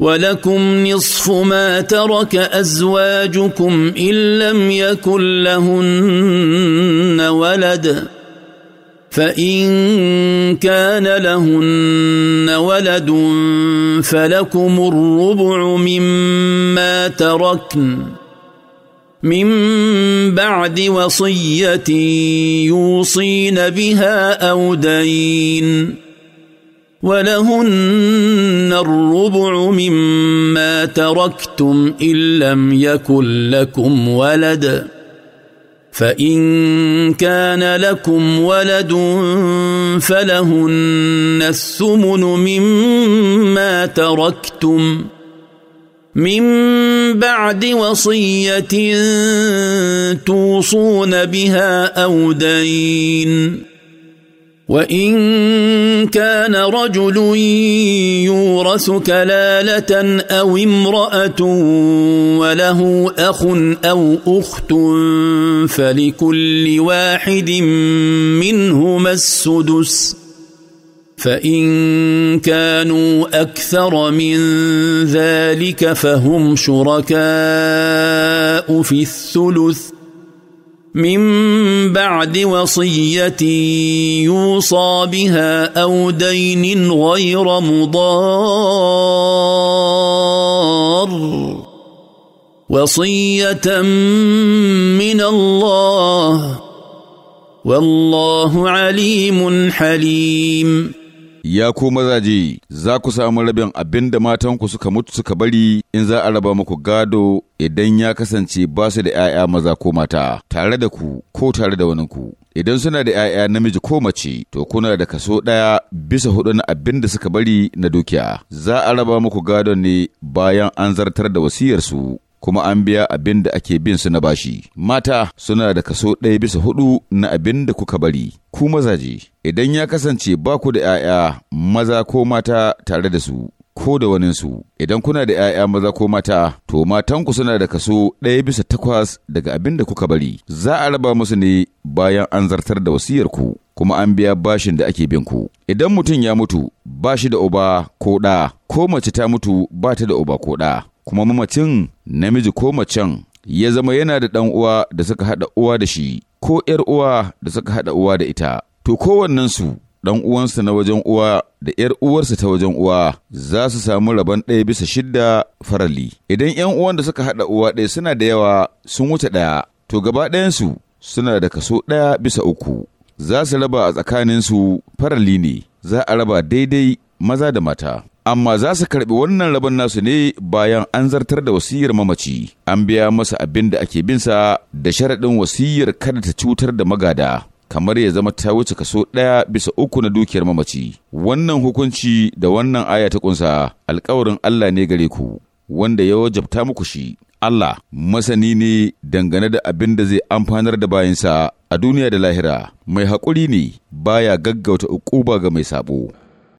ولكم نصف ما ترك ازواجكم ان لم يكن لهن ولد فان كان لهن ولد فلكم الربع مما تركن من بعد وصيه يوصين بها او دين ولهن الربع مما تركتم ان لم يكن لكم ولد فان كان لكم ولد فلهن الثمن مما تركتم من بعد وصيه توصون بها او دين وان كان رجل يورث كلاله او امراه وله اخ او اخت فلكل واحد منهما السدس فان كانوا اكثر من ذلك فهم شركاء في الثلث من بعد وصيه يوصى بها او دين غير مضار وصيه من الله والله عليم حليم ya ku mazaje za ku samu rabin abin da matanku suka mutu suka bari in za a raba muku gado idan ya kasance ba su da 'ya'ya maza ko mata tare da ku ko tare da ku. idan suna da 'ya'ya namiji ko mace to kuna da kaso ɗaya bisa hudu na abin da suka bari na dukiya za a raba muku gado ne bayan an zartar da wasiyarsu kuma an biya abin da ake bin su na bashi. Mata suna da kaso ɗaya bisa hudu na abin da kuka bari. Ku mazaje, idan ya kasance ba ku da ‘ya'ya maza ko mata tare da su, ko da waninsu, idan kuna da ‘ya'ya maza ko mata, to matanku suna da kaso ɗaya bisa takwas daga abin da kuka bari. Za a raba musu ne bayan an zartar da ku kuma an biya bashin da ake bin ku. Idan mutum ya mutu ba shi da uba ko ɗa, ko mace ta mutu ba ta da uba ko ɗa, kuma mamacin namiji ko macen ya zama yana da ɗan uwa da suka haɗa uwa da shi ko ‘yar uwa da suka haɗa uwa da ita, to kowannensu ɗan uwansa na wajen uwa da ‘yar uwarsa ta wajen uwa za su samu rabon ɗaya bisa shidda farali. Idan ‘yan uwan da suka haɗa uwa ɗaya suna da yawa sun wuce ɗaya, to gaba ɗayansu suna da kaso ɗaya bisa uku. Za su raba a tsakaninsu farali ne, za a raba daidai maza da mata. amma za su karɓi wannan rabon nasu ne bayan an zartar da wasiyar mamaci an biya masa abin da ake binsa da sharaɗin wasiyar kada ta cutar da magada kamar ya zama ta wuce kaso ɗaya bisa uku na dukiyar mamaci wannan hukunci da wannan aya ta ƙunsa alkawarin Allah ne gare ku wanda ya wajabta muku shi Allah masani ne dangane da abin da zai amfanar da bayansa a duniya da lahira, mai haƙuri ne baya gaggauta uquba ga mai sabo.